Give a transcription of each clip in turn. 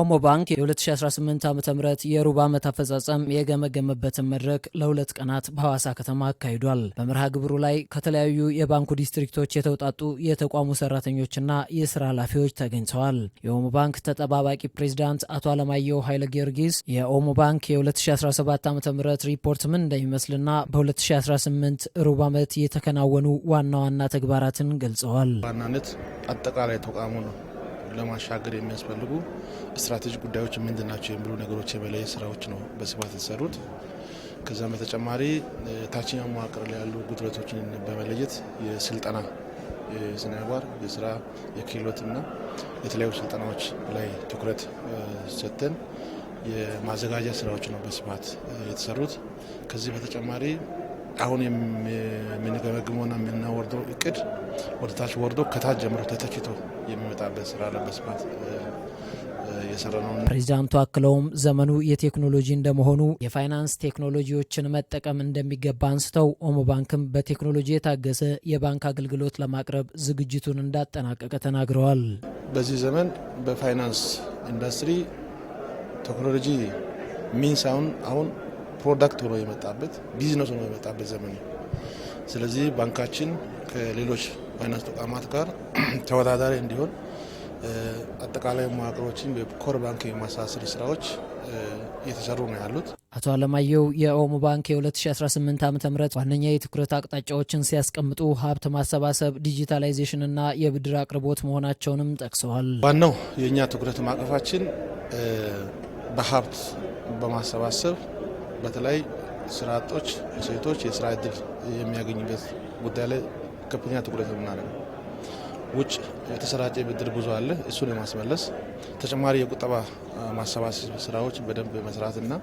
ኦሞ ባንክ የ2018 ዓ ም የሩብ ዓመት አፈጻጸም የገመገመበትን መድረክ ለሁለት ቀናት በሐዋሳ ከተማ አካሂዷል። በመርሃ ግብሩ ላይ ከተለያዩ የባንኩ ዲስትሪክቶች የተውጣጡ የተቋሙ ሰራተኞችና የስራ ኃላፊዎች ተገኝተዋል። የኦሞ ባንክ ተጠባባቂ ፕሬዚዳንት አቶ አለማየሁ ኃይለ ጊዮርጊስ የኦሞ ባንክ የ2017 ዓ ም ሪፖርት ምን እንደሚመስልና በ2018 ሩብ ዓመት የተከናወኑ ዋና ዋና ተግባራትን ገልጸዋል። ዋናነት አጠቃላይ ተቋሙ ነው ለማሻገር የሚያስፈልጉ ስትራቴጂ ጉዳዮች ምንድን ናቸው የሚሉ ነገሮች የመለየት ስራዎች ነው በስፋት የተሰሩት። ከዛም በተጨማሪ ታችኛው መዋቅር ላይ ያሉ ጉድለቶችን በመለየት የስልጠና የስነባር ምግባር፣ የስራ፣ የክህሎትና የተለያዩ ስልጠናዎች ላይ ትኩረት ሰጥተን የማዘጋጃ ስራዎች ነው በስፋት የተሰሩት። ከዚህ በተጨማሪ አሁን የምንገመግመውና የምናወርደው እቅድ ወደ ታች ወርዶ ከታች ጀምሮ ተተችቶ የሚመጣበት ስራ ለመስራት እየሰራ ነው። ፕሬዚዳንቱ አክለውም ዘመኑ የቴክኖሎጂ እንደመሆኑ የፋይናንስ ቴክኖሎጂዎችን መጠቀም እንደሚገባ አንስተው ኦሞ ባንክም በቴክኖሎጂ የታገዘ የባንክ አገልግሎት ለማቅረብ ዝግጅቱን እንዳጠናቀቀ ተናግረዋል። በዚህ ዘመን በፋይናንስ ኢንዱስትሪ ቴክኖሎጂ ሚንስ አሁን አሁን ፕሮዳክት ሆኖ የመጣበት ቢዝነስ ሆኖ የመጣበት ዘመን ነው። ስለዚህ ባንካችን ከሌሎች ፋይናንስ ተቋማት ጋር ተወዳዳሪ እንዲሆን አጠቃላይ መዋቅሮችን በኮር ባንክ የማሳሰር ስራዎች እየተሰሩ ነው ያሉት አቶ አለማየሁ የኦሞ ባንክ የ2018 ዓ ም ዋነኛ የትኩረት አቅጣጫዎችን ሲያስቀምጡ ሀብት ማሰባሰብ፣ ዲጂታላይዜሽንና የብድር አቅርቦት መሆናቸውንም ጠቅሰዋል። ዋናው የእኛ ትኩረት ማቀፋችን በሀብት በማሰባሰብ በተለይ ስራ አጦች ሴቶች የስራ እድል የሚያገኙበት ጉዳይ ላይ ከፍተኛ ትኩረት የምናደርገው ውጭ የተሰራጨ ብድር ብዙ አለ። እሱን የማስመለስ ተጨማሪ የቁጠባ ማሰባሰብ ስራዎች በደንብ መስራትና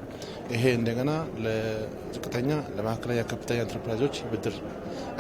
ይሄ እንደገና ለዝቅተኛ ለመካከለኛ ከፍተኛ ኢንተርፕራይዞች ብድር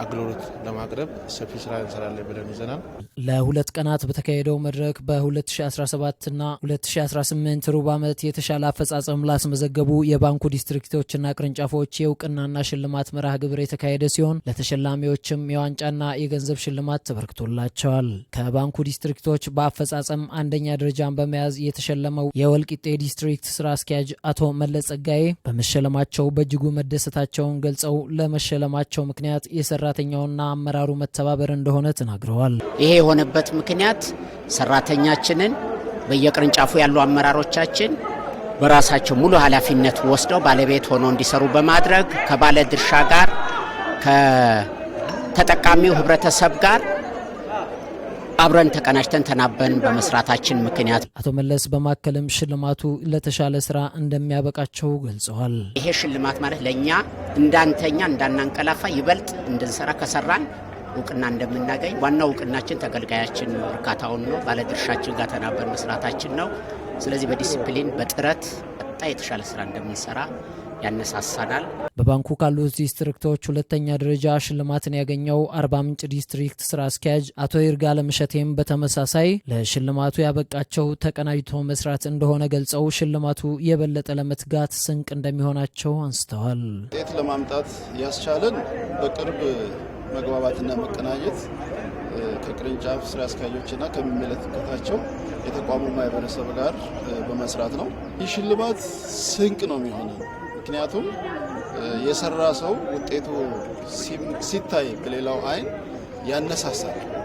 አገልግሎት ለማቅረብ ሰፊ ስራ እንሰራለን ብለን ይዘናል። ለሁለት ቀናት በተካሄደው መድረክ በ2017ና 2018 ሩብ ዓመት የተሻለ አፈጻጸም ላስመዘገቡ የባንኩ ዲስትሪክቶችና ቅርንጫፎች የእውቅናና ሽልማት መርሃ ግብር የተካሄደ ሲሆን ለተሸላሚዎችም የዋንጫና የገንዘብ ሽልማት ተበርክቶላቸዋል። ከባንኩ ዲስትሪክቶች በአፈጻጸም አንደኛ ደረጃን በመያዝ የተሸለመው የወልቂጤ ዲስትሪክት ስራ አስኪያጅ አቶ መለስ ጸጋዬ በመሸለማቸው በእጅጉ መደሰታቸውን ገልጸው ለመሸለማቸው ምክንያት የሰራተኛውና አመራሩ መተባበር እንደሆነ ተናግረዋል። ይሄ የሆነበት ምክንያት ሰራተኛችንን በየቅርንጫፉ ያሉ አመራሮቻችን በራሳቸው ሙሉ ኃላፊነት ወስደው ባለቤት ሆነው እንዲሰሩ በማድረግ ከባለ ድርሻ ጋር ከተጠቃሚው ህብረተሰብ ጋር አብረን ተቀናጅተን ተናበን በመስራታችን ምክንያት አቶ መለስ በማከልም ሽልማቱ ለተሻለ ስራ እንደሚያበቃቸው ገልጸዋል። ይሄ ሽልማት ማለት ለእኛ እንዳንተኛ እንዳናንቀላፋ ይበልጥ እንድንሰራ ከሰራን እውቅና እንደምናገኝ ዋናው እውቅናችን ተገልጋያችን እርካታውን ነው፣ ባለድርሻችን ጋር ተናበን መስራታችን ነው። ስለዚህ በዲሲፕሊን በጥረት ቀጣይ የተሻለ ስራ እንደምንሰራ ያነሳሳናል። በባንኩ ካሉት ዲስትሪክቶች ሁለተኛ ደረጃ ሽልማትን ያገኘው አርባ ምንጭ ዲስትሪክት ስራ አስኪያጅ አቶ ይርጋ ለመሸቴም በተመሳሳይ ለሽልማቱ ያበቃቸው ተቀናጅቶ መስራት እንደሆነ ገልጸው ሽልማቱ የበለጠ ለመትጋት ስንቅ እንደሚሆናቸው አንስተዋል። ውጤት ለማምጣት ያስቻለን በቅርብ መግባባትና መቀናጀት ከቅርንጫፍ ስራ አስኪያጆችና ከሚመለከታቸው የተቋሙ ማህበረሰብ ጋር በመስራት ነው። ይህ ሽልማት ስንቅ ነው የሚሆነው ምክንያቱም የሰራ ሰው ውጤቱ ሲታይ በሌላው አይን ያነሳሳል።